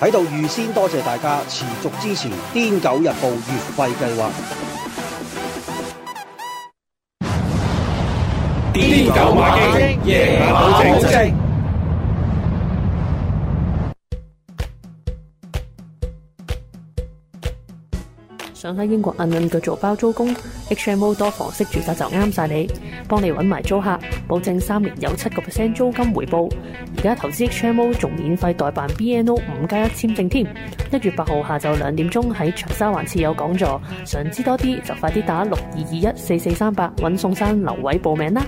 喺度預先多謝大家持續支持《癲狗日報》月費計劃。想喺英國揞揞腳做包租公，HMO 多房式住宅就啱晒你，幫你揾埋租客，保證三年有七個 percent 租金回報。而家投資 HMO 仲免費代辦 BNO 五加一簽證添。一月八號下晝兩點鐘喺長沙灣設有講座，想知多啲就快啲打六二二一四四三八揾宋生劉偉報名啦。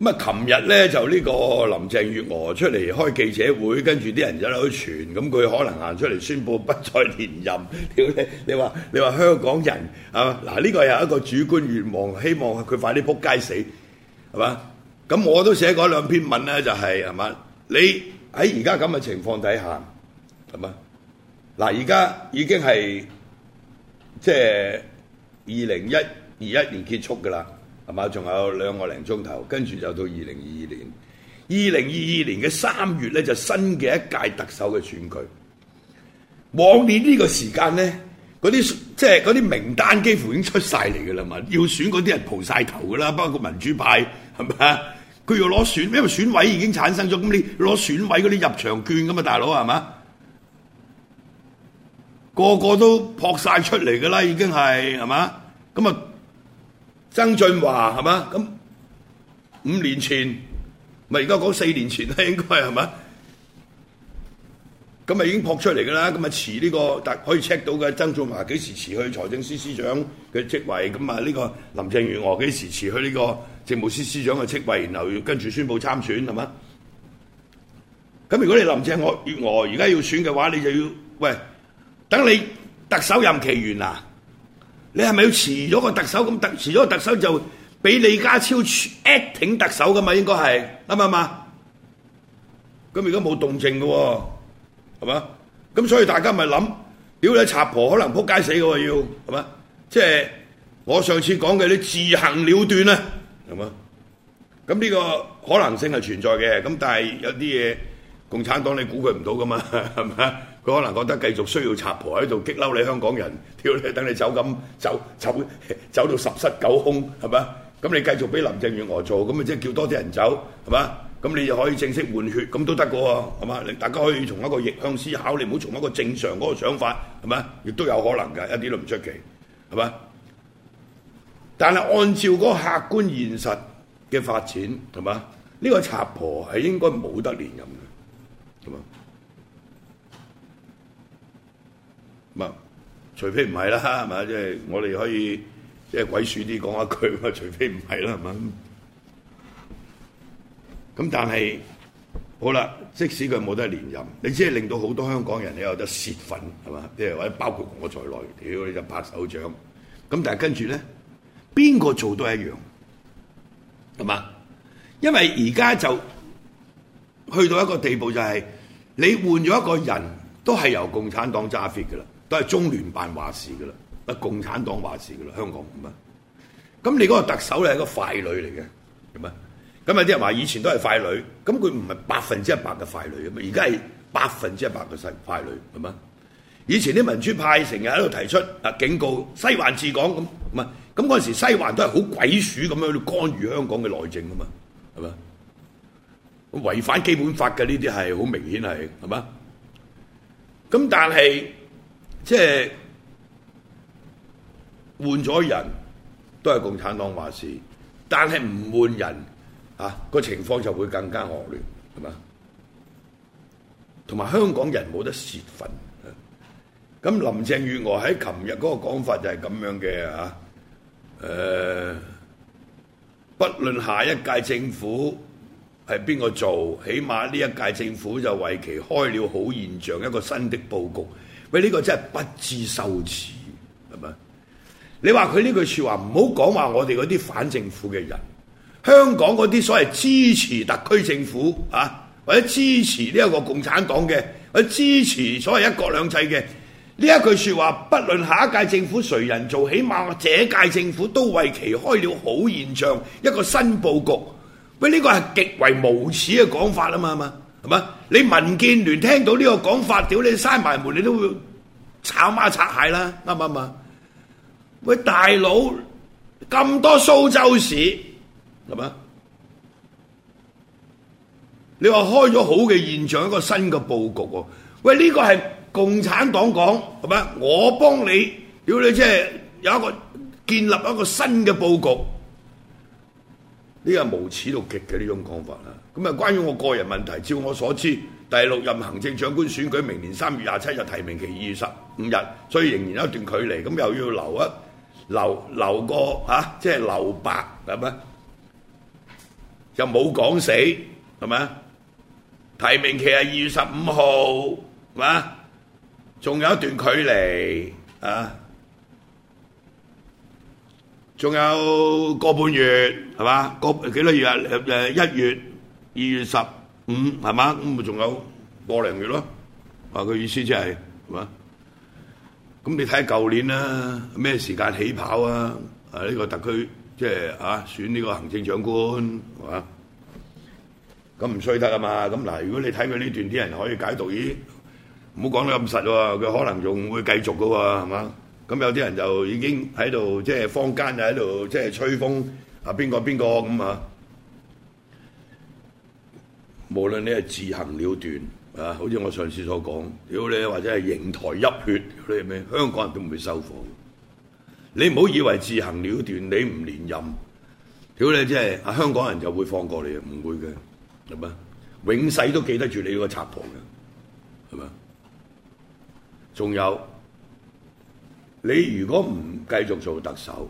咁啊！琴日咧就呢個林鄭月娥出嚟開記者會，跟住啲人喺度傳，咁佢可能行出嚟宣佈不再連任。你你話你話香港人啊？嗱，呢個又一個主觀願望，希望佢快啲仆街死，係嘛？咁我都寫過兩篇文咧，就係係嘛？你喺而家咁嘅情況底下，係嘛？嗱，而家已經係即係二零一二一年結束噶啦。係咪？仲有兩個零鐘頭，跟住就到二零二二年。二零二二年嘅三月咧，就新嘅一屆特首嘅選舉。往年呢個時間咧，嗰啲即係嗰啲名單幾乎已經出晒嚟㗎啦嘛。要選嗰啲人蒲晒頭㗎啦，包括民主派係咪？佢要攞選，因為選委已經產生咗，咁你攞選委嗰啲入場券㗎嘛，大佬係咪？個個都撲晒出嚟㗎啦，已經係係咪？咁啊！曾俊華係嘛？咁五年前咪而家講四年前應該係係嘛？咁咪已經撲出嚟了啦。咁咪辭呢個可以 check 到嘅曾俊華幾時辭去財政司司長嘅職位？咁啊，呢個林鄭月娥幾時辭去呢個政務司司長嘅職位？然後要跟住宣佈參選係嘛？咁如果你林鄭月娥而家要選嘅話，你就要喂，等你特首任期完啊！你係咪要辭咗個特首咁？特辭咗個特首就俾李家超 acting 特首噶嘛？應該係啱唔啱？咁而家冇動靜嘅喎，係嘛？咁所以大家咪諗，屌你賊婆可能撲街死嘅要係嘛？即係、就是、我上次講嘅，你自行了斷啊，係嘛？咁呢個可能性係存在嘅，咁但係有啲嘢共產黨你估佢唔到噶嘛，係咪佢可能覺得繼續需要賊婆喺度激嬲你香港人，跳要等你走咁走走走到十室九空係咪啊？咁你繼續俾林鄭月娥做，咁咪即係叫多啲人走係咪啊？咁你又可以正式換血，咁都得嘅喎係嘛？你大家可以從一個逆向思考，你唔好從一個正常嗰個想法係咪？亦都有可能嘅，一啲都唔出奇係咪？但係按照嗰個客觀現實嘅發展係嘛？呢、這個賊婆係應該冇得連任嘅，係嘛？唔除非唔係啦，係嘛？即係、即係、我哋可以即係、即係、鬼鼠啲講一句，啊，除非唔係啦，係嘛？咁但係好啦，即使佢冇得連任，你只係令到好多香港人有得泄憤，係嘛？即係或者包括我在內，屌你就拍手掌。咁但係跟住咧，邊個做都一樣，係嘛？因為而家就去到一個地步，就係，就係你換咗一個人都係由共產黨揸 fit 嘅啦。都係中聯辦話事噶啦，啊共產黨話事噶啦，香港唔乜。咁你嗰個特首咧係個傀儡嚟嘅，係咪？咁有啲人話以前都係傀儡，咁佢唔係百分之一百嘅傀儡啊嘛，而家係百分之一百嘅傀儡，係嘛？以前啲民主派成日喺度提出啊警告西環治港咁唔係，咁嗰陣時候西環都係好鬼鼠咁樣去干預香港嘅內政啊嘛，係嘛？違反基本法嘅呢啲係好明顯係係嘛？咁但係。即係換咗人，都係共產黨話事，但係唔換人，啊個情況就會更加惡劣，係嘛？同埋香港人冇得泄憤。咁林鄭月娥喺琴日嗰個講法就係咁樣嘅啊。誒，不論下一屆政府係邊個做，起碼呢一屆政府就為其開了好現象，一個新的佈局。喂，呢個真係不知羞恥，係咪？你話佢呢句說話唔好講話，我哋嗰啲反政府嘅人，香港嗰啲所謂支持特區政府啊，或者支持呢一個共產黨嘅，或者支持所謂一國兩制嘅，呢一句說話，不論下一屆政府誰人做，起碼這屆政府都為其開了好現象，一個新佈局。喂，呢個係極為無恥嘅講法啊嘛，係嘛？係嘛？你民建聯聽到呢個講法，屌你閂埋門，你都會炒蝦拆蟹啦，啱唔啱啊？喂，大佬咁多蘇州市，係嘛？你話開咗好嘅現象，一個新嘅佈局喎。喂，呢個係共產黨講，係嘛？我幫你，要你，即係有一個建立一個新嘅佈局。呢個無恥到極嘅呢種講法啦，咁啊關於我個人問題，照我所知，第六任行政長官選舉明年三月廿七日，提名期二十五日，所以仍然有一段距離，咁又要留一留留個嚇、啊，即係留白係咪？又冇講死係咪啊？提名期係二十五號，係咪啊！仲有一段距離啊！仲有個半月係嘛？個幾多月啊？誒一月、二月十五係嘛？咁咪仲有個零月咯。話、那、佢、個、意思即係係嘛？咁你睇下舊年啦，咩時間起跑啊？啊呢、這個特區即係、就是、啊，選呢個行政長官係嘛？咁唔衰得啊嘛！咁嗱，如果你睇佢呢段啲人可以解讀咦？唔好講得咁實喎，佢可能仲會繼續噶喎，係嘛？咁有啲人就已經喺度，即係坊間喺度，即係吹風啊！邊個邊個咁啊？無論你係自行了斷啊，好似我上次所講，屌你或者係刑台泣血，屌你，咩香港人都唔會收貨。你唔好以為自行了斷，你唔連任，屌你即係啊！香港人就會放過你，唔會嘅，係咪？永世都記得住你個賊婆嘅，係咪？仲有。你如果唔繼續做特首，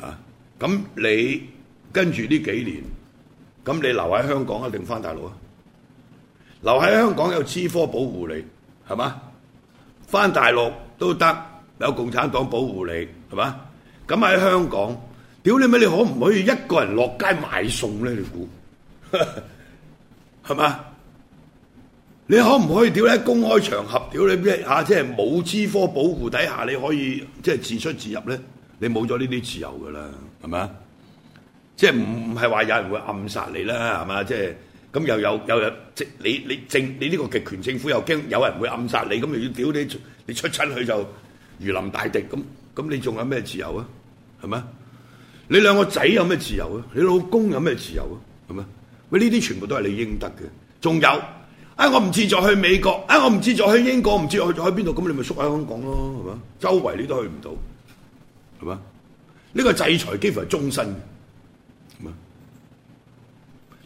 啊，咁你跟住呢幾年，咁你留喺香港啊，定翻大陸啊？留喺香港有 G4 保護你，係嘛？翻大陸都得，有共產黨保護你，係嘛？咁喺香港，屌你咪你可唔可以一個人落街買餸咧？你估係嘛？你可唔可以屌咧？公開場合屌你咩嚇？即係冇資科保護底下，你可以即係自出自入咧？你冇咗呢啲自由噶啦，係咪啊？即係唔唔係話有人會暗殺你啦？係咪啊？即係咁又有又有政你你政你呢個極權政府又驚有人會暗殺你，咁又要屌你出你出親去就如臨大敵，咁咁你仲有咩自由啊？係咪？你兩個仔有咩自由啊？你老公有咩自由啊？係咪？喂，呢啲全部都係你應得嘅，仲有。哎，我唔自在去美國，哎，我唔自在去英國，唔自在去去邊度？咁你咪縮喺香港咯，係嘛？周圍你都去唔到，係嘛？呢個制裁幾乎係終身嘅，係嘛？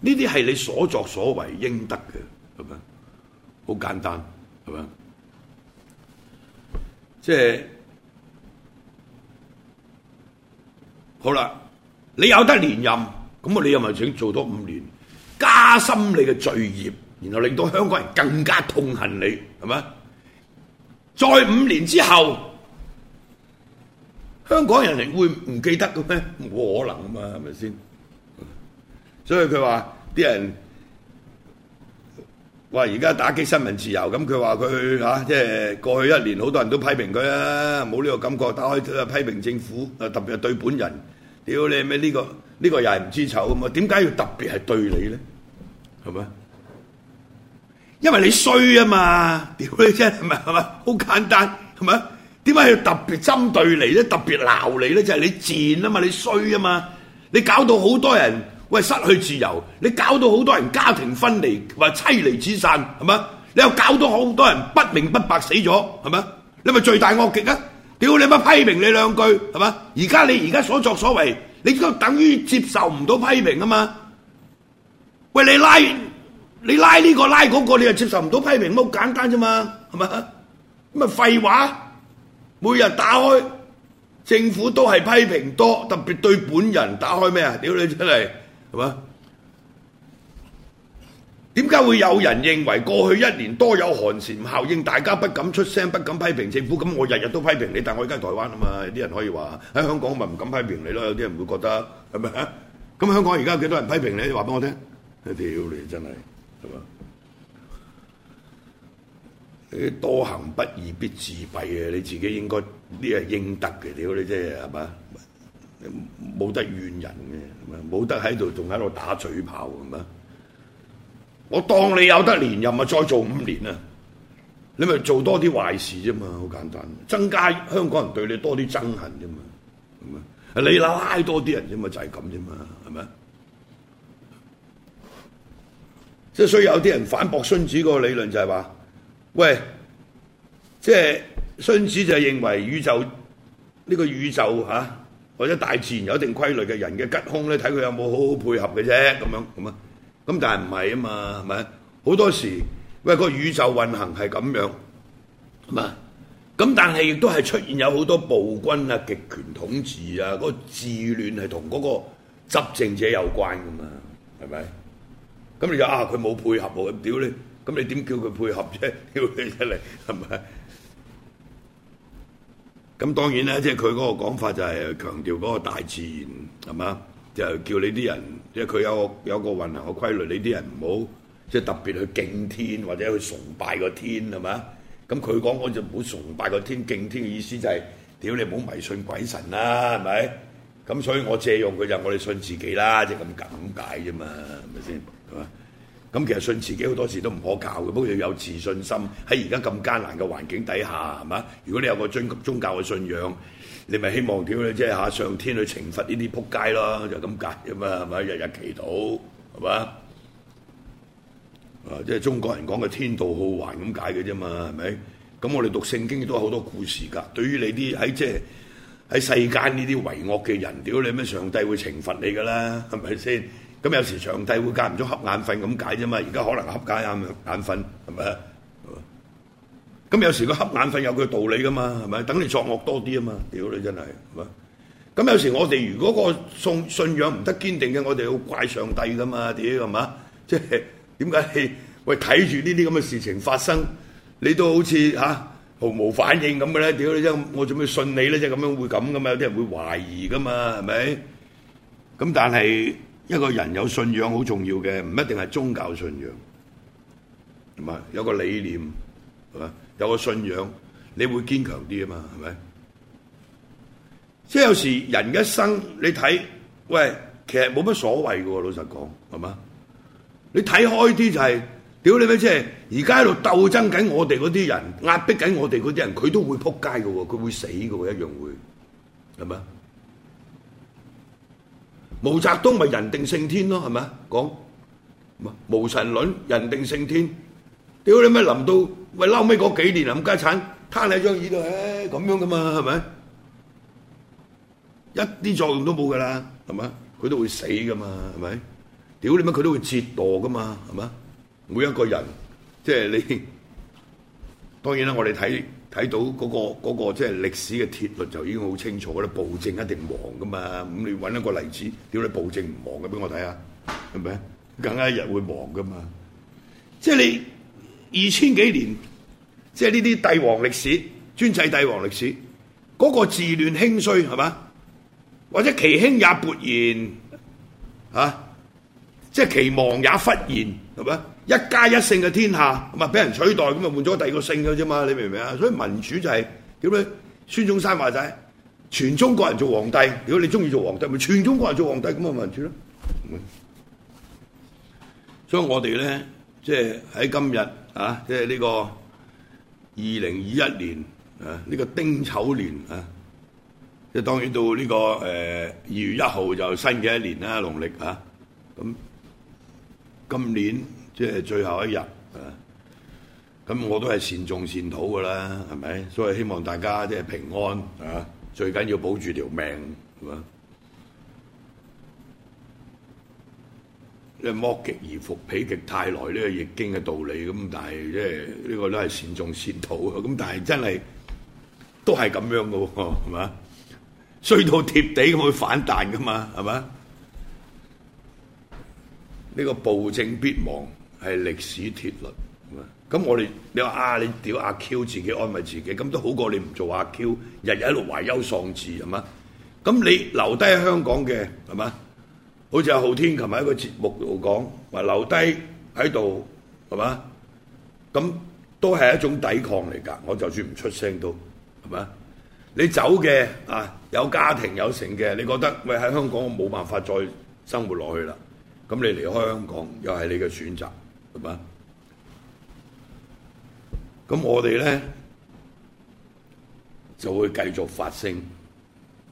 呢啲係你所作所為應得嘅，係咪？好簡單，係咪？即係好啦，你有得連任，咁啊，你又咪想做多五年，加深你嘅罪孽？然後令到香港人更加痛恨你，係咪？再五年之後，香港人你會唔記得嘅咩？冇可能啊嘛，係咪先？所以佢話啲人話而家打擊新聞自由，咁佢話佢嚇，即係過去一年好多人都批評佢啦，冇呢個感覺，打開都批評政府，特別係對本人。屌你咩？呢、這個呢、這個又係唔知醜咁嘛，點解要特別係對你咧？係咪？因為你衰啊嘛，屌你啫，係咪係咪？好簡單，係咪？點解要特別針對你咧？特別鬧你咧？就係你賤啊嘛，你衰啊嘛，你搞到好多人喂失去自由，你搞到好多人家庭分離或妻離子散係嘛？你又搞到好多人不明不白死咗係嘛？你咪罪大惡極啊！屌你乜批評你兩句係嘛？而家你而家所作所為，你都等於接受唔到批評啊嘛？喂，你拉！你拉呢個拉嗰個，你又接受唔到批評，好簡單啫嘛，係咪？咁咪廢話。每日打開政府都係批評多，特別對本人打開咩啊？屌你出嚟，係嘛？點解會有人認為過去一年多有寒蟬效應，大家不敢出聲，不敢批評政府？咁我日日都批評你，但係我而家喺台灣啊嘛，有啲人可以話喺香港咪唔敢批評你咯？有啲人會覺得係咪？咁香港而家幾多人批評你？你話俾我聽。屌你真係～係嘛？你多行不義必自斃嘅，你自己應該呢係應得嘅。屌你真係係嘛？冇得怨人嘅，係嘛？冇得喺度仲喺度打嘴炮，係嘛？我當你有得連任咪再做五年啊？你咪做多啲壞事啫嘛，好簡單，增加香港人對你多啲憎恨啫嘛，咁啊，你拉多啲人啫嘛，就係咁啫嘛，係咪？即係所以有啲人反駁荀子個理論就係話，喂，即係荀子就係認為宇宙呢個宇宙嚇啊或者大自然有一定規律嘅，人嘅吉凶咧，睇佢有冇好好配合嘅啫咁樣咁啊，咁但係唔係啊嘛，係咪？好多時喂，個宇宙運行係咁樣，係嘛？咁但係亦都係出現有好多暴君啊、極權統治啊、嗰個治亂係同嗰個執政者有關㗎嘛，係咪？咁你又啊佢冇配合喎，咁屌你，咁你點叫佢配合啫？屌佢出嚟係咪？咁當然啦，即係佢嗰個講法就係強調嗰個大自然係咪就就是、叫你啲人，即係佢有有個運行嘅規律，你啲人唔好即係特別去敬天或者去崇拜個天，係咪，咁佢講嗰就唔好崇拜個天敬天嘅意思就係、是、屌你唔好迷信鬼神啦，係咪？咁所以我借用佢就我哋信自己啦，即係咁解啫嘛，係咪先？咁其實信自己好多時都唔可靠嘅，不過要有自信心。喺而家咁艱難嘅環境底下，係咪？如果你有個尊宗教嘅信仰，你咪希望點咧？即係嚇上天去懲罰呢啲仆街咯，就咁解啫嘛，係咪？日日祈禱，係咪啊？啊，即係中國人講嘅天道好還咁解嘅啫嘛，係咪？咁我哋讀聖經亦都好多故事㗎。對於你啲喺即係喺世間呢啲為惡嘅人，屌你咩？上帝會懲罰你㗎啦，係咪先？咁有時上帝會間唔中瞌眼瞓咁解啫嘛，而家可能瞌眼眼瞓，係咪？咁有時個瞌眼瞓有佢道理噶嘛，係咪？等你作惡多啲啊嘛，屌你真係，係嘛？咁有時我哋如果個信信仰唔得堅定嘅，我哋好怪上帝噶嘛，屌係嘛？即係點解喂，睇住呢啲咁嘅事情發生，你都好似吓、啊，毫無反應咁嘅咧？屌你真，我做咩信你咧？即係咁樣會咁噶嘛？有啲人會懷疑噶嘛，係咪？咁但係。一個人有信仰好重要嘅，唔一定係宗教信仰，係有個理念係嘛？有個信仰，你會堅強啲啊嘛？係咪？即係有時人一生你睇，喂，其實冇乜所謂嘅喎。老實講，係嘛？你睇開啲就係，屌你咩？即係而家喺度鬥爭緊我哋嗰啲人，壓迫緊我哋嗰啲人，佢都會撲街嘅喎，佢會死嘅喎，一樣會係咪？毛澤東咪人定勝天咯，係咪啊？講冇神論，人定勝天。屌你咪臨到喂，嬲尾撈尾嗰幾年冚家鏟攤喺張椅度，唉、哎，咁樣噶嘛，係咪？一啲作用都冇噶啦，係咪？佢都會死噶嘛，係咪？屌你乜佢都會折墮噶嘛，係咪？每一個人，即係你，當然啦，我哋睇。睇到嗰、嗰個即係、嗰個、歷史嘅鐵律就已經好清楚了，咧暴政一定亡噶嘛。咁你揾一個例子，點解暴政唔亡嘅？俾我睇下，係咪啊？梗係一日會亡噶嘛。即係 你二千幾年，即係呢啲帝王歷史、專制帝王歷史，嗰、嗰個自亂興衰係嘛？或者其興也勃然，嚇、啊，即係其亡也忽然，係咪啊？一家一姓嘅天下，唔係俾人取代，咁咪換咗第二個姓嘅啫嘛？你明唔明啊？所以民主就係點咧？孫中山話就係全中國人做皇帝。如果你中意做皇帝，咪全中國人做皇帝，咁啊民主咯。所以我哋咧，即係喺今日啊，即係呢個二零二一年啊，呢、這個丁丑年啊，即、就、係、是、當然到呢、這個誒二、呃、月一號就新嘅一年啦，農曆啊，咁今年。即係最後一日啊！咁我都係善種善土噶啦，係咪？所以希望大家即係平安啊！最緊要保住條命，係嘛？你剝極而復，否極泰來，呢個易經嘅道理咁，但係即係呢個都係善種善土啊！咁但係真係都係咁樣噶喎，係嘛？衰到貼地咁，會反彈噶嘛，係咪？呢個暴政必亡。係歷史鐵律，咁我哋你話啊，你屌阿 Q 自己安慰自己，咁都好過你唔做阿 Q，日日喺度懷憂喪志係嘛？咁你留低喺香港嘅係嘛？好似阿浩天琴日喺個節目度講話留低喺度係嘛？咁都係一種抵抗嚟㗎。我就算唔出聲都係嘛？你走嘅啊，有家庭有成嘅，你覺得喂喺香港我冇辦法再生活落去啦，咁你離開香港又係你嘅選擇。係嘛？咁我哋呢就會繼續發聲，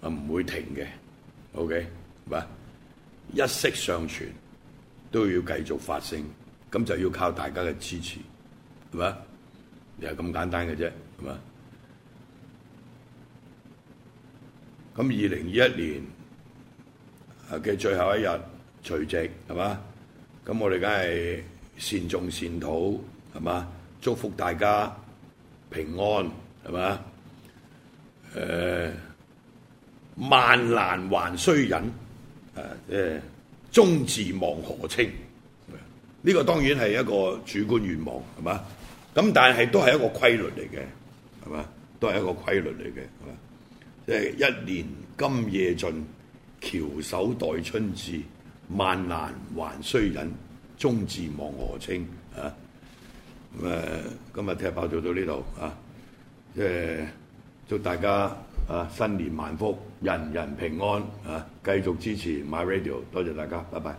啊唔會停嘅，OK，係嘛？一息尚存都要繼續發聲，咁就要靠大家嘅支持，係嘛？就係咁簡單嘅啫，係嘛？咁二零二一年啊嘅最後一日除夕，係嘛？咁我哋梗係～善種善土係嘛？祝福大家平安係嘛？誒、呃，萬難還須忍誒誒，終自望、呃、河清？呢個當然係一個主觀願望係嘛？咁但係都係一個規律嚟嘅係嘛？都係一個規律嚟嘅係嘛？即係一年今夜盡，翹首待春至，萬難還須忍。中字望和清啊！咁今日踢爆做到呢度啊，即係祝大家啊新年萬福，人人平安啊！繼續支持 MyRadio，多謝大家，拜拜。